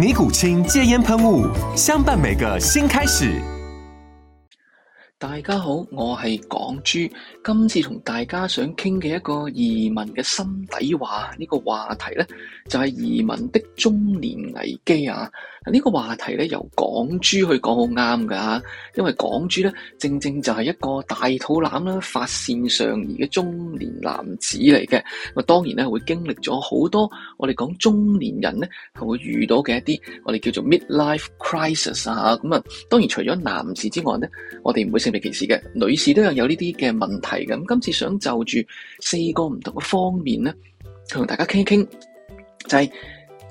尼古清戒煙噴霧，相伴每個新開始。大家好，我係港豬。今次同大家想傾嘅一個移民嘅心底話呢個話題咧，就係、是、移民的中年危機啊！呢個話題咧，由港豬去講好啱噶，因為港豬咧正正就係一個大肚腩啦、發線上移嘅中年男子嚟嘅。咁當然咧會經歷咗好多我哋講中年人咧係會遇到嘅一啲我哋叫做 midlife crisis 啊！咁啊，當然除咗男士之外咧，我哋唔會性別歧視嘅，女士都有有呢啲嘅問題。係咁，今次想就住四個唔同嘅方面咧，同大家傾一傾，就係、是、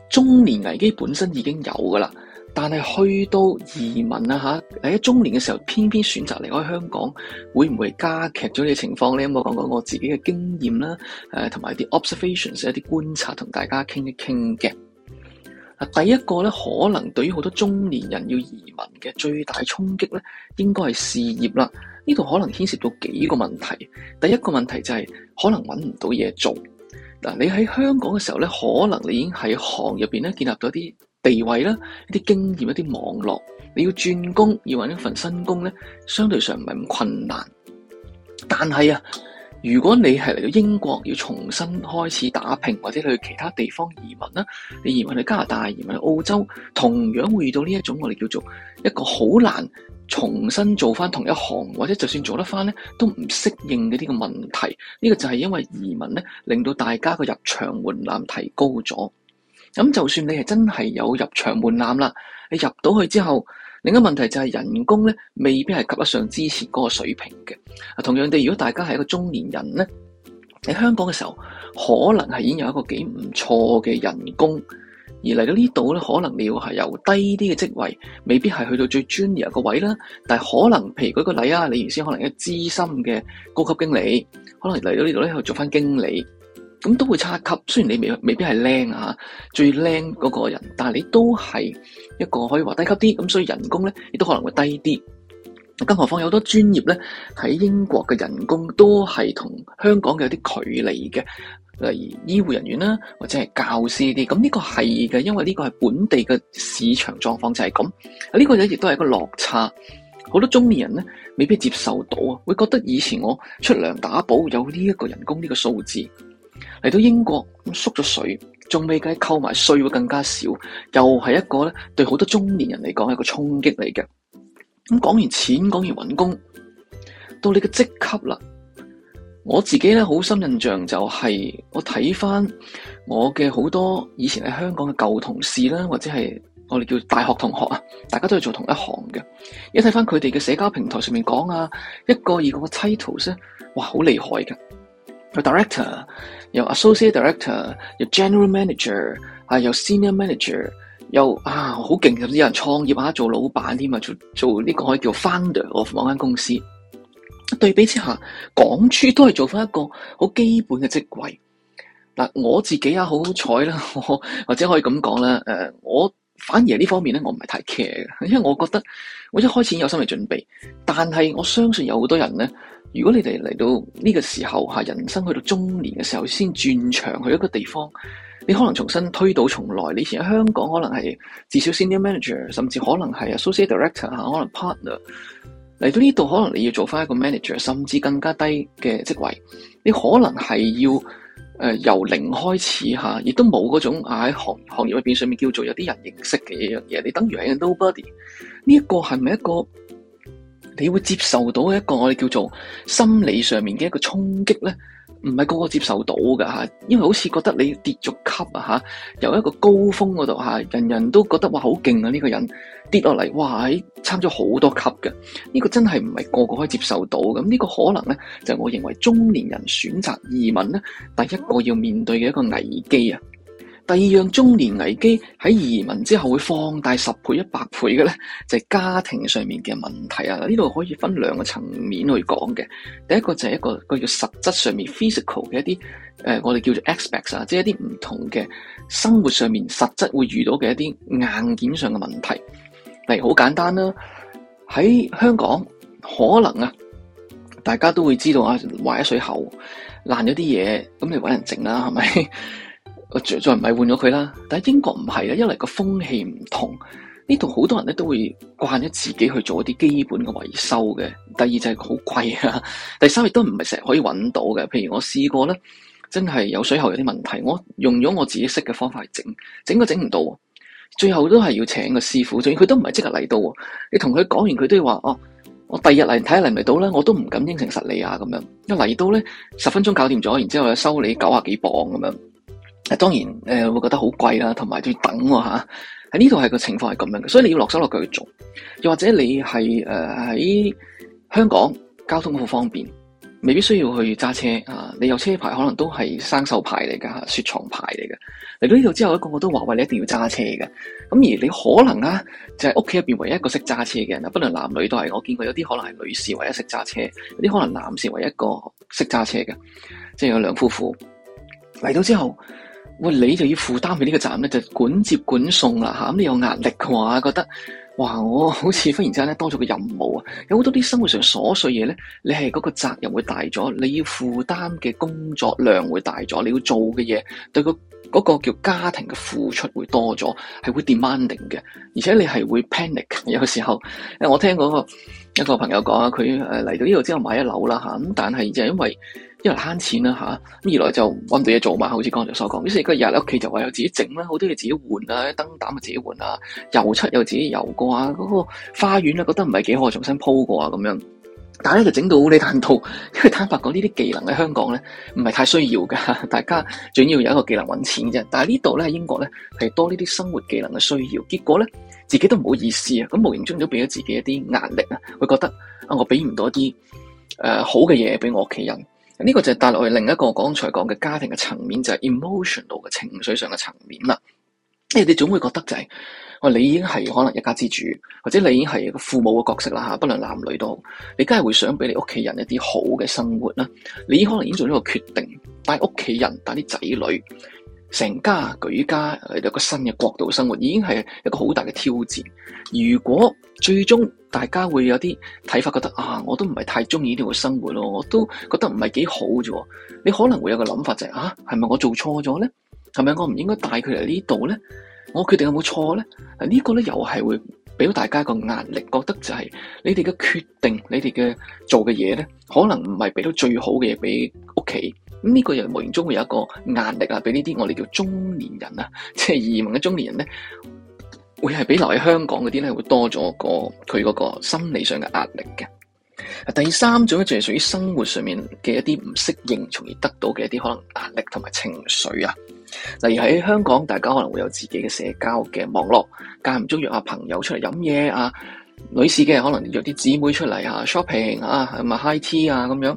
中年危機本身已經有噶啦，但係去到移民啊吓，喺中年嘅時候，偏偏選擇離開香港，會唔會加劇咗呢個情況咧、嗯？我講講我自己嘅經驗啦，誒、啊，同埋啲 observations，一啲 obs 觀察，同大家傾一傾嘅、啊。第一個咧，可能對於好多中年人要移民嘅最大衝擊咧，應該係事業啦。呢度可能牽涉到幾個問題。第一個問題就係、是、可能揾唔到嘢做。嗱，你喺香港嘅時候呢，可能你已經喺行入邊呢，建立咗啲地位啦、一啲經驗、一啲網絡。你要轉工，要揾一份新工呢，相對上唔係咁困難。但係啊，如果你係嚟到英國要重新開始打拼，或者去其他地方移民啦，你移民去加拿大、移民去澳洲，同樣會遇到呢一種我哋叫做一個好難。重新做翻同一行，或者就算做得翻呢，都唔適應嘅呢個問題。呢個就係因為移民呢，令到大家個入場門檻提高咗。咁就算你係真係有入場門檻啦，你入到去之後，另一個問題就係人工呢未必係及得上之前嗰個水平嘅。同樣地，如果大家係一個中年人呢，喺香港嘅時候，可能係已經有一個幾唔錯嘅人工。而嚟到呢度咧，可能你要係由低啲嘅職位，未必係去到最專業個位啦。但係可能，譬如舉個例啊，你原先可能係個資深嘅高級經理，可能嚟到呢度咧去做翻經理，咁都會差級。雖然你未未必係靚啊，最靚嗰個人，但係你都係一個可以話低級啲，咁所以人工咧亦都可能會低啲。更何況有好多專業咧，喺英國嘅人工都係同香港嘅有啲距離嘅，例如醫護人員啦，或者係教師啲。咁呢個係嘅，因為呢個係本地嘅市場狀況就係咁。呢個嘢亦都係一個落差。好多中年人咧未必接受到啊，會覺得以前我出糧打保有呢一個人工呢個數字，嚟到英國縮咗水，仲未計扣埋稅會更加少，又係一個咧對好多中年人嚟講一個衝擊嚟嘅。咁講完錢，講完揾工，到你嘅職級啦。我自己咧好深印象就係、是、我睇翻我嘅好多以前喺香港嘅舊同事啦，或者係我哋叫大學同學啊，大家都係做同一行嘅。一睇翻佢哋嘅社交平台上面講啊，一個二個嘅 titles，哇，好厲害㗎。有, director, 有 director，有 associate director，有 general manager，還有 senior manager。又啊，好勁，有啲人創業啊，做老闆添啊，做做呢個可以叫 founder of 嗰間公司。對比之下，港豬都係做翻一個好基本嘅職位。嗱、啊，我自己啊，好好彩啦，我或者可以咁講啦，誒、啊，我反而呢方面咧，我唔係太 care 嘅，因為我覺得我一開始有心理準備，但係我相信有好多人咧，如果你哋嚟到呢個時候、啊、人生去到中年嘅時候，先轉場去一個地方。你可能重新推倒重來，你以前喺香港可能係至少 Senior Manager，甚至可能係 Associate Director 吓，可能 Partner，嚟到呢度，可能你要做翻一個 Manager，甚至更加低嘅職位，你可能係要誒、呃、由零開始吓，亦、啊、都冇嗰種啊喺行行業入邊上面叫做有啲人認識嘅一樣嘢，你等於係 Nobody，呢、這個、一個係咪一個你會接受到一個我哋叫做心理上面嘅一個衝擊咧？唔係個個接受到㗎，因為好似覺得你跌咗級啊，由一個高峰嗰度、啊、人人都覺得哇好勁啊，呢、呢個人跌落嚟哇喺差咗好多級嘅，呢、呢個真係唔係個個可以接受到的，咁、呢、呢個可能咧就係、我認為中年人選擇移民咧，第一個要面對嘅一個危機啊。第二樣中年危機喺移民之後會放大十倍一百倍嘅咧，就係、是、家庭上面嘅問題啊！呢度可以分兩個層面去講嘅。第一個就係一個一個叫實質上面 physical 嘅一啲誒、呃，我哋叫做 aspects 啊，即係一啲唔同嘅生活上面實質會遇到嘅一啲硬件上嘅問題。例如好簡單啦，喺香港可能啊，大家都會知道啊，壞咗水喉，爛咗啲嘢，咁你搵人整啦，係咪？再再唔係換咗佢啦，但係英國唔係咧，因為個風氣唔同，呢度好多人咧都會慣咗自己去做一啲基本嘅維修嘅。第二就係好貴啊，第三亦都唔係成日可以揾到嘅。譬如我試過咧，真係有水喉有啲問題，我用咗我自己識嘅方法去整，整都整唔到，最後都係要請個師傅。仲要佢都唔係即刻嚟到，你同佢講完佢都要話哦，我第日嚟睇下嚟唔嚟到呢，我都唔敢應承實你啊咁樣。一嚟到咧，十分鐘搞掂咗，然之後又收你九啊幾磅咁樣。當然，誒、呃，會覺得好貴啦，同埋要等喎。喺呢度係個情況係咁樣嘅，所以你要落手落腳去做。又或者你係誒，喺香港交通好方便，未必需要去揸車啊。你有車牌可能都係生手牌嚟噶，雪藏牌嚟嘅。嚟到呢度之後，個個都話喂，你一定要揸車嘅咁。而你可能啊就係屋企入面唯一一個識揸車嘅人，不論男女都係。我見過有啲可能係女士唯一識揸車，有啲可能男士唯一個識揸車嘅，即係有兩夫婦嚟到之後。喂，你就要負擔起呢個責任咧，就管接管送啦吓，咁你有壓力嘅話，覺得哇，我好似忽然之間咧多咗個任務啊，有好多啲生活上瑣碎嘢咧，你係嗰個責任會大咗，你要負擔嘅工作量會大咗，你要做嘅嘢對個嗰個叫家庭嘅付出會多咗，係會 demanding 嘅，而且你係會 panic 有時候。誒，我聽嗰個一個朋友講啊，佢誒嚟到呢度之後買一樓啦吓，咁但係就因為。一嚟慳錢啦、啊，嚇咁二來就搵到嘢做嘛。好似剛才所講，於是而家日喺屋企就話有自己整啦、啊，好多嘢自己換啊，燈膽嘅自己換啊，油漆又自己油過啊。嗰、那個花園咧，覺得唔係幾好，重新鋪過啊，咁樣。但係咧就整到你難度，因為坦白講呢啲技能喺香港咧唔係太需要噶，大家主要有一個技能搵錢啫。但係呢度咧英國咧係多呢啲生活技能嘅需要。結果咧自己都唔好意思啊，咁無形中都俾咗自己一啲壓力啊。會覺得啊，我俾唔到一啲誒、呃、好嘅嘢俾我屋企人。呢個就係帶落嚟另一個剛才講嘅家庭嘅層面，就係、是、emotional 嘅情緒上嘅層面啦。即係你哋總會覺得就係、是，你已經係可能一家之主，或者你已經係個父母嘅角色啦吓，不論男女都好，你梗係會想俾你屋企人一啲好嘅生活啦。你已經可能已經做咗個決定，帶屋企人帶啲仔女。成家舉家有個新嘅國度生活，已經係一個好大嘅挑戰。如果最終大家會有啲睇法，覺得啊，我都唔係太中意呢個生活咯，我都覺得唔係幾好嘅啫。你可能會有個諗法就係啊，係咪我做錯咗咧？係咪我唔應該帶佢嚟呢度咧？我決定有冇錯咧？呢個咧又係會俾到大家一個壓力，覺得就係你哋嘅決定，你哋嘅做嘅嘢咧，可能唔係俾到最好嘅嘢俾屋企。咁呢個又無形中會有一個壓力啊，俾呢啲我哋叫中年人啊，即係移民嘅中年人咧，會係比留喺香港嗰啲咧，會多咗個佢嗰個心理上嘅壓力嘅。第三種咧，就係屬於生活上面嘅一啲唔適應，從而得到嘅一啲可能壓力同埋情緒啊。例如喺香港，大家可能會有自己嘅社交嘅網絡，間唔中約下朋友出嚟飲嘢啊，女士嘅可能約啲姊妹出嚟啊 shopping 啊，係咪 high tea 啊咁樣？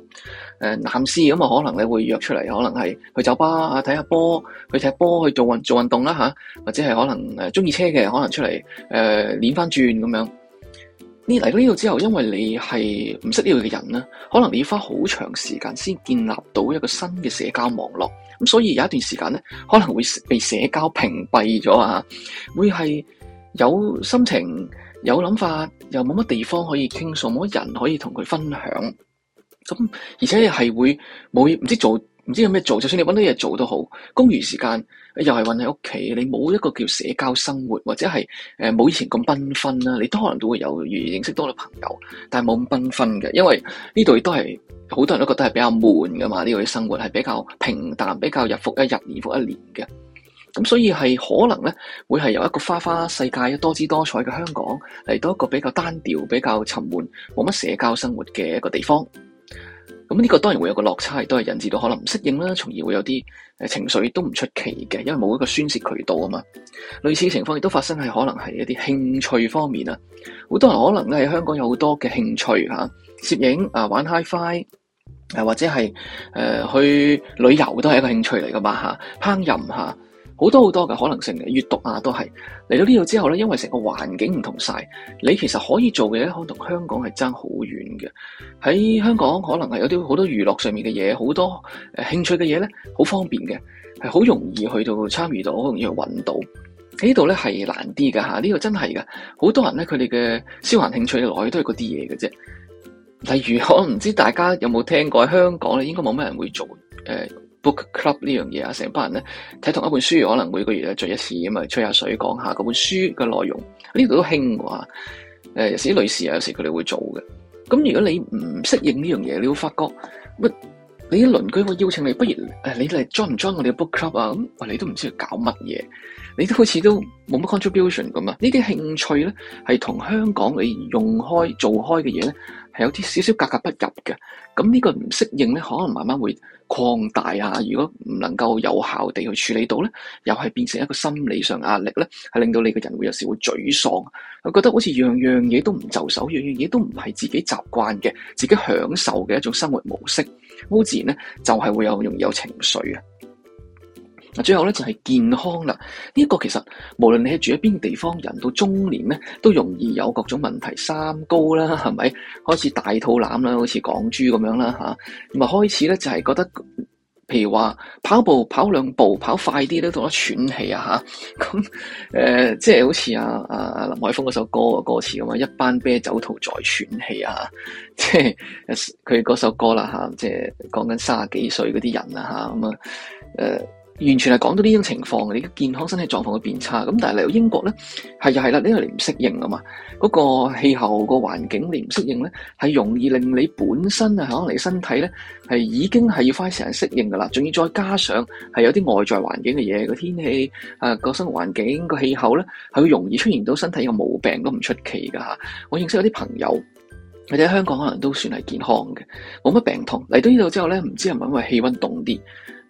誒男士咁啊，可能你會約出嚟，可能係去酒吧啊，睇下波，去踢波，去做運做運動啦吓，或者係可能中意車嘅，可能出嚟誒練翻轉咁樣。你嚟到呢度之後，因為你係唔識呢度嘅人啦，可能你要花好長時間先建立到一個新嘅社交網絡，咁所以有一段時間咧，可能會被社交屏蔽咗啊，會係有心情、有諗法，又冇乜地方可以傾訴，冇乜人可以同佢分享。咁而且係會冇唔知做，唔知有咩做，就算你揾到嘢做都好，工餘時間又係搵喺屋企，你冇一個叫社交生活，或者係誒冇以前咁繽紛啦。你都可能都會有如認識多啲朋友，但係冇咁繽紛嘅，因為呢度都係好多人都覺得係比較悶噶嘛。呢度啲生活係比較平淡，比較日復一日、年復一年嘅。咁所以係可能呢，會係由一個花花世界、多姿多彩嘅香港嚟到一個比較單調、比較沉悶、冇乜社交生活嘅一個地方。咁呢個當然會有個落差，亦都係引致到可能唔適應啦，從而會有啲誒情緒都唔出奇嘅，因為冇一個宣泄渠道啊嘛。類似嘅情況亦都發生係可能係一啲興趣方面啊，好多人可能喺香港有好多嘅興趣吓，攝影啊玩 hifi，誒、啊、或者係誒、呃、去旅遊都係一個興趣嚟噶嘛吓，烹飪吓。啊好多好多嘅可能性嘅閱讀啊都是，都係嚟到呢度之後呢，因為成個環境唔同晒，你其實可以做嘅嘢，可能同香港係差好遠嘅。喺香港可能係有啲好多娛樂上面嘅嘢，好多誒、呃、興趣嘅嘢呢，好方便嘅，係好容易去到參與到，好容易去揾到喺呢度呢，係難啲噶吓，呢度真係噶，好多人呢，佢哋嘅消閒興趣來都係嗰啲嘢嘅啫。例如我唔知大家有冇聽過，香港呢應該冇咩人會做誒。呃 book club 呢樣嘢啊，成班人咧睇同一本書，可能每個月咧聚一次咁啊，吹下水，講下嗰本書嘅內容。呢度都興㗎，誒有時啲女士啊，有時佢哋會做嘅。咁如果你唔適應呢樣嘢，你會發覺喂你啲鄰居會邀請你，不如誒你嚟 join 唔 join 我哋嘅 book club 啊、喂？咁你都唔知佢搞乜嘢，你都好似都冇乜 contribution 咁啊！呢啲興趣咧係同香港你用開做開嘅嘢咧，係有啲少少格格不入嘅，咁呢個唔適應呢，可能慢慢會擴大啊。如果唔能夠有效地去處理到呢，又係變成一個心理上壓力呢，係令到你個人會有時會沮喪，我覺得好似樣樣嘢都唔就手，樣樣嘢都唔係自己習慣嘅，自己享受嘅一種生活模式，好自然呢，就係會有容易有情緒啊。最後咧就係、是、健康啦。呢、這、一個其實無論你係住喺邊個地方，人到中年咧都容易有各種問題，三高啦，係咪？開始大肚腩啦，好似港豬咁樣啦，咁啊開始咧就係、是、覺得，譬如話跑步跑兩步，跑快啲都覺得喘氣啊，咁誒、呃，即係好似啊，啊林海峰嗰首歌嘅歌詞咁啊，一班啤酒徒在喘氣啊，即係佢嗰首歌啦、啊、即係講緊卅幾歲嗰啲人啊咁、嗯、啊完全係講到呢種情況，你嘅健康身體狀況會變差。咁但係嚟到英國咧，係又係啦，因為你唔適應啊嘛，嗰個氣候個環境你唔適應咧，係容易令你本身啊，可能你身體咧係已經係要花時間適應噶啦，仲要再加上係有啲外在環境嘅嘢，個天氣啊、個生活環境、個氣候咧，係會容易出現到身體有毛病都唔出奇噶吓。我認識有啲朋友，佢哋喺香港可能都算係健康嘅，冇乜病痛，嚟到呢度之後咧，唔知係咪因為氣溫凍啲？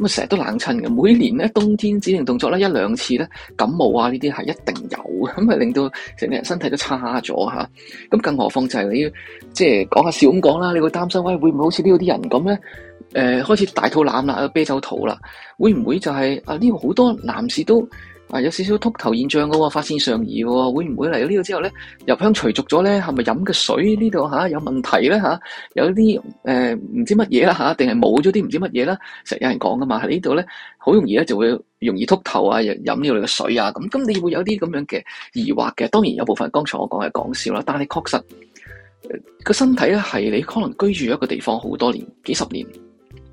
咁成日都冷親嘅，每年咧冬天指定動作咧，一兩次咧感冒啊，呢啲係一定有，咁、嗯、啊令到成個人身體都差咗吓。咁、啊、更何況就係你即係講下笑咁講啦，你會擔心，喂會唔會好似呢度啲人咁咧？誒、呃、開始大肚腩啦、呃，啤酒肚啦，會唔會就係、是、啊呢個好多男士都？啊，有少少禿頭現象噶喎，髮線上移嘅喎，會唔會嚟到呢度之後咧入鄉隨俗咗咧？係咪飲嘅水呢度吓有問題咧吓，啊？有啲誒唔知乜嘢啦吓，定係冇咗啲唔知乜嘢啦？成日有人講噶嘛，喺呢度咧好容易咧就會容易禿頭啊，飲呢度嘅水啊咁。咁你會有啲咁樣嘅疑惑嘅。當然有部分剛才我講係講笑啦，但係確實個、呃、身體咧係你可能居住一個地方好多年，幾十年，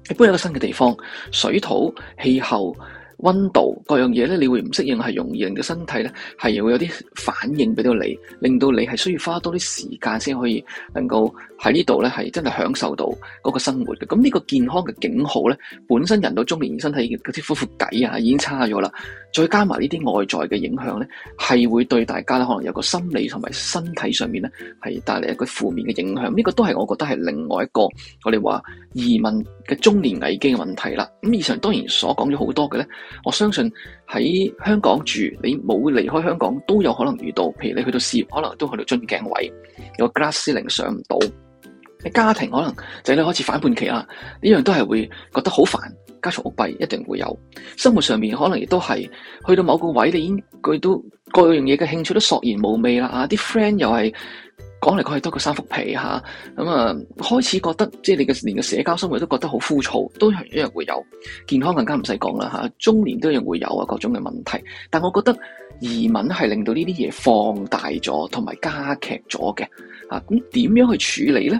你搬一個新嘅地方，水土、氣候。溫度各樣嘢，咧，你會唔適應係容易，人嘅身體咧係會有啲反應俾到你，令到你係需要花多啲時間先可以能夠喺呢度咧係真係享受到嗰個生活嘅。咁呢個健康嘅警號咧，本身人到中年，身體嗰啲腐腐計啊已經差咗啦。再加埋呢啲外在嘅影響呢，係會對大家可能有個心理同埋身體上面呢，係帶嚟一個負面嘅影響。呢個都係我覺得係另外一個我哋話移民嘅中年危機嘅問題啦。咁以上當然所講咗好多嘅呢，我相信喺香港住，你冇離開香港都有可能遇到。譬如你去到事業，可能都去到樽頸位，有個 glass ceiling 上唔到。家庭可能仔女開始反叛期啦，呢樣都係會覺得好煩，家嘈屋閉一定會有。生活上面可能亦都係去到某個位，你已經佢都各樣嘢嘅興趣都索然無味啦嚇，啲 friend 又係講嚟講去都係三幅皮嚇，咁啊，啊開始覺得即係你嘅連個社交生活都覺得好枯燥，都係一樣會有。健康更加唔使講啦嚇，中年都一樣會有啊各種嘅問題。但我覺得移民係令到呢啲嘢放大咗同埋加劇咗嘅，咁、啊、點樣去處理呢？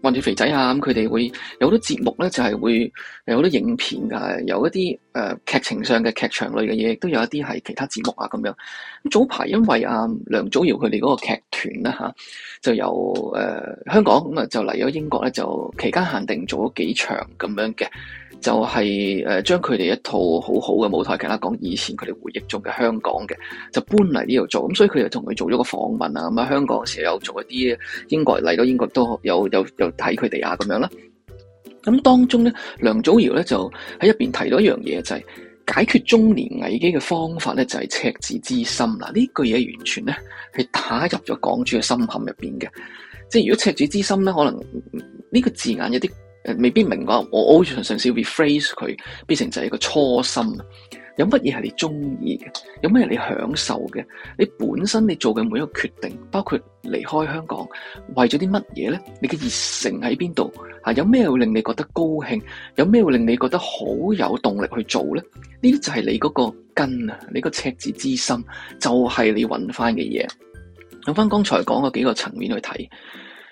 混住肥仔啊！咁佢哋會有好多節目咧，就係、是、會有好多影片啊，有一啲誒、呃、劇情上嘅劇場類嘅嘢，都有一啲係其他節目啊咁樣。咁早排因為啊梁祖堯佢哋嗰個劇團啦嚇，就由誒香港咁啊，就嚟咗、呃嗯、英國咧，就期間限定做咗幾場咁樣嘅，就係、是、誒、呃、將佢哋一套好好嘅舞台劇啦，講以前佢哋回憶中嘅香港嘅，就搬嚟呢度做。咁、嗯、所以佢又同佢做咗個訪問啊。咁、嗯、啊，香港嘅時候有做一啲英國嚟到英國都有有有。有睇佢哋啊，咁樣啦。咁當中咧，梁祖堯咧就喺入邊提到一樣嘢，就係、是、解決中年危機嘅方法咧，就係、是、赤子之心。嗱、啊，呢句嘢完全咧係打入咗港豬嘅心坎入邊嘅。即係如果赤子之心咧，可能呢、這個字眼有啲誒、呃，未必明白。我我嘗試 rephrase 佢，變成就係一個初心。有乜嘢係你中意嘅？有咩你享受嘅？你本身你做嘅每一個決定，包括離開香港，為咗啲乜嘢呢？你嘅熱誠喺邊度啊？有咩會令你覺得高興？有咩會令你覺得好有動力去做呢？呢啲就係你嗰個根啊！你個赤子之心就係、是、你搵翻嘅嘢。用翻剛才講嗰幾個層面去睇，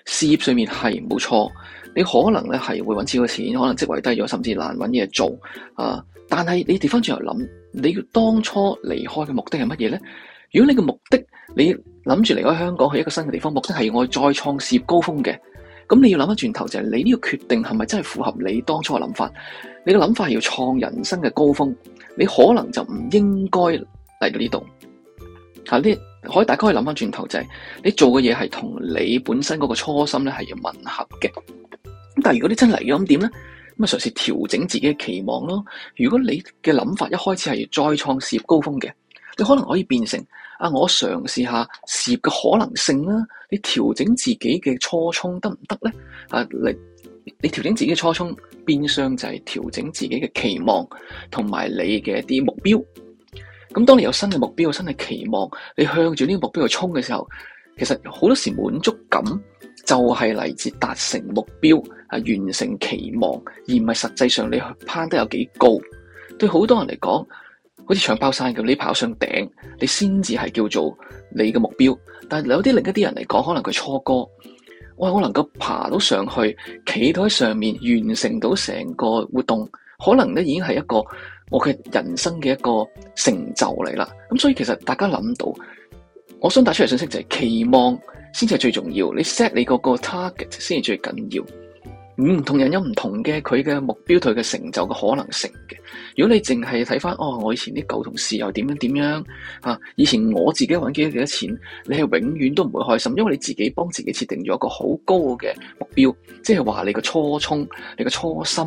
事業上面係冇錯，你可能咧係會搵少個錢，可能職位低咗，甚至難搵嘢做啊。但係你調翻轉頭諗，你要當初離開嘅目的係乜嘢咧？如果你嘅目的，你諗住離開香港去一個新嘅地方，目的係我再創事業高峰嘅，咁你要諗翻轉頭就係你呢個決定係咪真係符合你當初嘅諗法？你嘅諗法係要創人生嘅高峰，你可能就唔應該嚟到呢度。吓，呢？可以大家可以諗翻轉頭就係你做嘅嘢係同你本身嗰個初心咧係要吻合嘅。咁但係如果你真嚟咁點咧？咁嘗試調整自己嘅期望咯。如果你嘅諗法一開始係要再創事業高峰嘅，你可能可以變成啊，我嘗試下事業嘅可能性啦。你調整自己嘅初衷得唔得呢？啊，你你調整自己嘅初衷，變相就係調整自己嘅期望同埋你嘅啲目標。咁當你有新嘅目標、有新嘅期望，你向住呢個目標去衝嘅時候。其實好多時滿足感就係嚟自達成目標，啊完成期望，而唔係實際上你攀得有幾高。對好多人嚟講，好似搶包山咁，你爬上頂，你先至係叫做你嘅目標。但係有啲另一啲人嚟講，可能佢錯過，喂，我能夠爬到上去，企到喺上面完成到成個活動，可能咧已經係一個我嘅人生嘅一個成就嚟啦。咁所以其實大家諗到。我想帶出嚟信息就係、是，期望先至係最重要，你 set 你嗰個 target 先至最緊要。唔同人有唔同嘅佢嘅目標、佢嘅成就嘅可能性嘅。如果你淨係睇翻哦，我以前啲舊同事又點樣點樣，以前我自己搵幾多幾多錢，你係永遠都唔會開心，因為你自己幫自己設定咗一個好高嘅目標，即係話你個初衷，你個初心，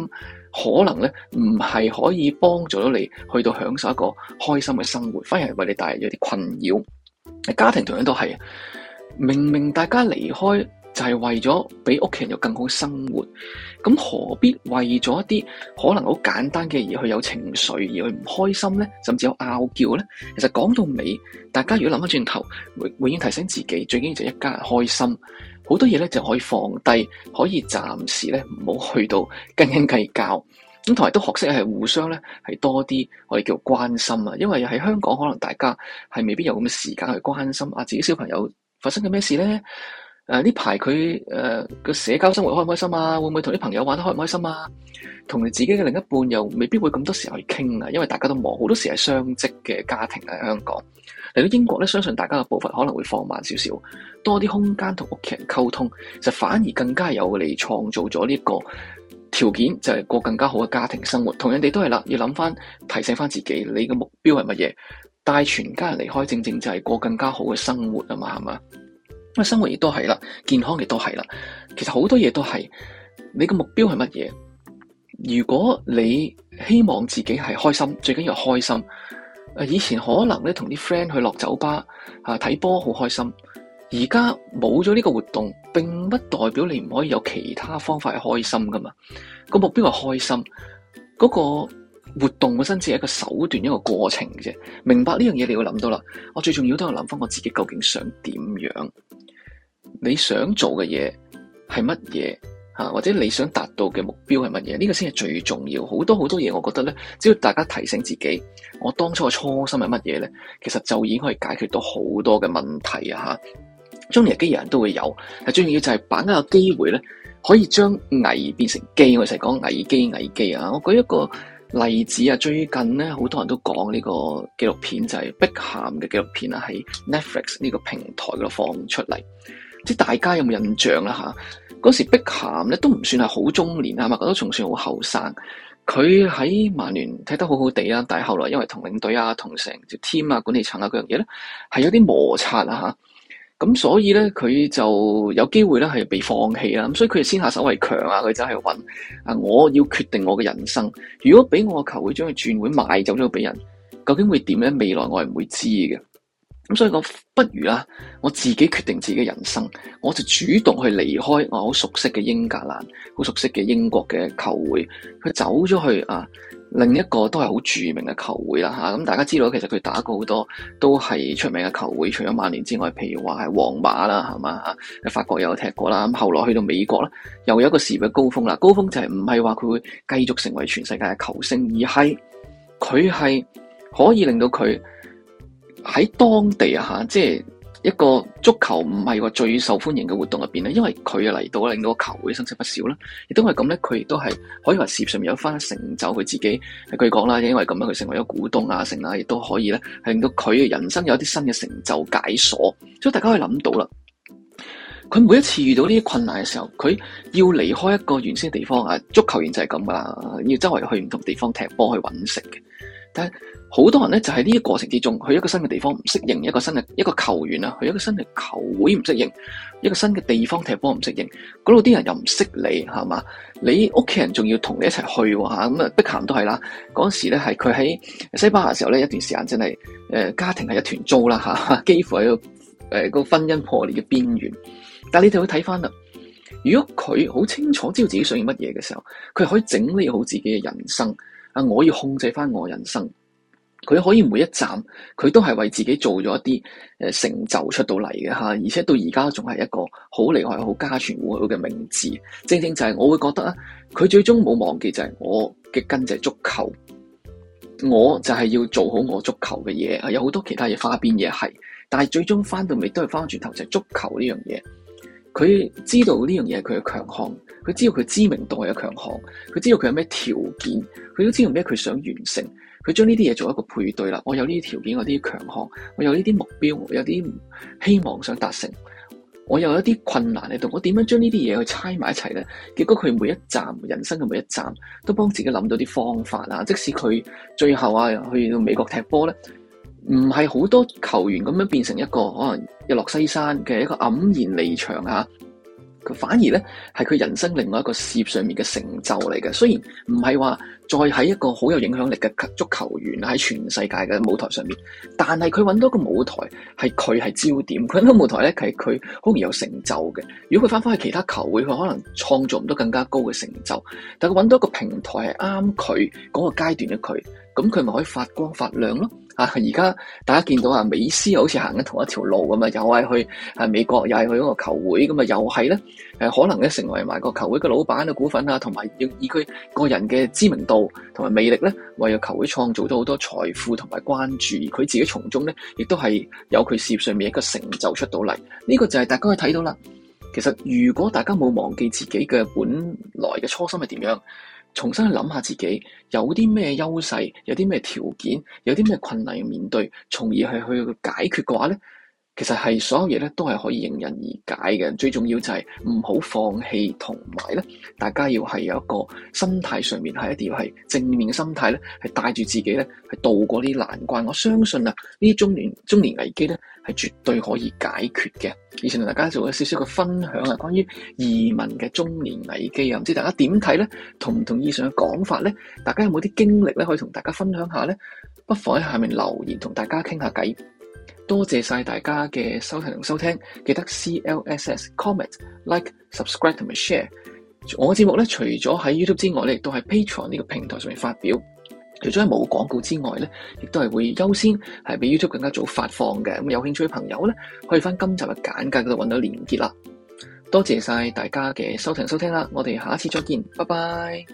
可能咧唔係可以幫助到你去到享受一個開心嘅生活，反而係為你帶嚟咗啲困擾。家庭同樣都係，明明大家離開就係為咗俾屋企人有更好生活，咁何必為咗一啲可能好簡單嘅而去有情緒，而去唔開心呢？甚至有拗撬呢？其實講到尾，大家如果諗翻轉頭，永永遠遠提醒自己，最緊要就係一家人開心，好多嘢咧就可以放低，可以暫時咧唔好去到斤斤計較。咁同埋都學識係互相咧係多啲我哋叫關心啊，因為喺香港可能大家係未必有咁嘅時間去關心啊自己小朋友發生緊咩事呢？呢排佢誒個社交生活開唔開心啊？會唔會同啲朋友玩得開唔開心啊？同自己嘅另一半又未必會咁多時候去傾啊，因為大家都忙，好多時係雙職嘅家庭喺、啊、香港。嚟到英國咧，相信大家嘅步伐可能會放慢少少，多啲空間同屋企人溝通，就反而更加有利創造咗呢一個。條件就係過更加好嘅家庭生活，同人哋都係啦，要諗翻提醒翻自己，你嘅目標係乜嘢？帶全家人離開，正正就係過更加好嘅生活啊嘛，係嘛？生活亦都係啦，健康亦都係啦，其實好多嘢都係，你嘅目標係乜嘢？如果你希望自己係開心，最緊要開心。以前可能咧同啲 friend 去落酒吧啊睇波，好開心。而家冇咗呢個活動，並不代表你唔可以有其他方法去開心噶嘛。個目標係開心，嗰個活動本身只係一個手段，一個過程啫。明白呢樣嘢，你要諗到啦。我最重要都要諗翻我自己究竟想點樣，你想做嘅嘢係乜嘢吓，或者你想達到嘅目標係乜嘢？呢個先係最重要。好多好多嘢，我覺得咧，只要大家提醒自己，我當初嘅初心係乜嘢咧，其實就已經可以解決到好多嘅問題啊！吓。中年嘅人都會有，係最重要就係把握個機會咧，可以將危變成機。我成日講危機危機啊！我舉一個例子啊，最近咧好多人都講呢個紀錄片就係碧咸嘅紀錄片啊，喺 Netflix 呢個平台度放出嚟。即係大家有冇印象啦？嚇，嗰時碧咸咧都唔算係好中年啊嘛，覺得仲算好後生。佢喺曼聯踢得好好地啊，但係後來因為同領隊啊、同城、就 team 啊、管理層啊嗰樣嘢咧，係有啲摩擦啊嚇。咁所以呢，佢就有機會呢係被放棄啦。咁所以佢先下手為強啊！佢就係搵啊！我要決定我嘅人生。如果俾我嘅球會將佢轉會賣走咗俾人，究竟會點呢？未來我係唔會知嘅。咁所以講，不如啦，我自己決定自己嘅人生，我就主動去離開我好熟悉嘅英格蘭、好熟悉嘅英國嘅球會，佢走咗去啊！另一個都係好著名嘅球會啦吓，咁大家知道其實佢打過好多都係出名嘅球會，除咗曼聯之外，譬如話係皇馬啦，係嘛吓，法國有踢過啦，咁後來去到美國咧，又有一個時嘅高峰啦。高峰就係唔係話佢會繼續成為全世界嘅球星，而係佢係可以令到佢喺當地啊吓，即係。一個足球唔係個最受歡迎嘅活動入邊咧，因為佢嘅嚟到令到個球會增色不少啦。亦都係咁咧，佢亦都係可以話事業上面有翻成就。佢自己，據講啦，因為咁樣佢成為咗股東啊，成啊，亦都可以咧，令到佢嘅人生有啲新嘅成就解鎖。所以大家可以諗到啦，佢每一次遇到呢啲困難嘅時候，佢要離開一個原先嘅地方啊，足球員就係咁噶啦，要周圍去唔同地方踢波去揾食嘅。但係好多人咧，就喺、是、呢個過程之中去一個新嘅地方唔適應，一個新嘅一個球員啊，去一個新嘅球會唔適應，一個新嘅地方踢波唔適應，嗰度啲人又唔識你，係嘛？你屋企人仲要同你一齊去吓咁啊，啊？碧咸都係啦，嗰陣時咧係佢喺西班牙嘅時候咧，一段時間真係誒、呃，家庭係一團糟啦吓、啊，幾乎係個誒、呃那個婚姻破裂嘅邊緣。但係你哋會睇翻啦，如果佢好清楚知道自己想要乜嘢嘅時候，佢可以整理好自己嘅人生啊，我要控制翻我人生。佢可以每一站，佢都係為自己做咗一啲誒成就出到嚟嘅吓，而且到而家仲係一個好厲害、好家傳戶曉嘅名字。正正就係我會覺得啊，佢最終冇忘記就係我嘅根就係足球，我就係要做好我足球嘅嘢。有好多其他嘢花邊嘢係，但係最終翻到尾都係翻轉頭就係、是、足球呢樣嘢。佢知道呢樣嘢佢嘅強項，佢知道佢知名度有強項，佢知道佢有咩條件，佢都知道咩佢想完成。佢將呢啲嘢做一個配對啦，我有呢啲條件，我有呢啲強項，我有呢啲目標，我有啲希望想達成，我有一啲困難喺度。我點樣將呢啲嘢去猜埋一齊呢？結果佢每一站人生嘅每一站，都幫自己諗到啲方法啊！即使佢最後啊去到美國踢波呢，唔係好多球員咁樣變成一個可能日落西山嘅一個黯然離場啊！佢反而呢，係佢人生另外一個事業上面嘅成就嚟嘅，雖然唔係話。再喺一個好有影響力嘅足球員喺全世界嘅舞台上面，但係佢揾到個舞台係佢係焦點，佢揾到舞台呢，係佢好易有成就嘅。如果佢翻返去其他球會，佢可能創造唔到更加高嘅成就，但佢揾到一個平台係啱佢嗰個階段嘅佢，咁佢咪可以發光發亮咯。啊！而家大家見到啊，美斯又好似行緊同一條路咁啊，又係去啊美國，又係去嗰個球會咁啊，又係咧誒，可能咧成為埋個球會嘅老闆嘅股份啊，同埋要以佢個人嘅知名度同埋魅力咧，為個球會創造咗好多財富同埋關注，而佢自己從中咧，亦都係有佢事業上面一個成就出到嚟。呢個就係大家可以睇到啦。其實如果大家冇忘記自己嘅本來嘅初心係點樣？重新去諗下自己有啲咩優勢，有啲咩條件，有啲咩困難要面對，從而係去解決嘅話咧。其實係所有嘢咧，都係可以迎刃而解嘅。最重要就係唔好放棄，同埋咧，大家要係有一個心態上面係一定要係正面嘅心態咧，係帶住自己咧，去渡過呢啲難關。我相信啊，呢啲中年中年危機咧，係絕對可以解決嘅。以前同大家做咗少少嘅分享啊，關於移民嘅中年危機啊，唔知大家點睇咧？同唔同意上嘅講法咧？大家有冇啲經歷咧，可以同大家分享一下咧？不妨喺下面留言，同大家傾下偈。多謝晒大家嘅收聽同收聽，記得 C L S S comment like subscribe 同埋 share。我嘅節目咧，除咗喺 YouTube 之外咧，亦都係 Patreon 呢個平台上面發表。除咗係冇廣告之外咧，亦都係會優先係比 YouTube 更加早發放嘅。咁有興趣嘅朋友咧，可以翻今集嘅簡介度揾到連結啦。多謝晒大家嘅收聽和收聽啦，我哋下一次再見，拜拜。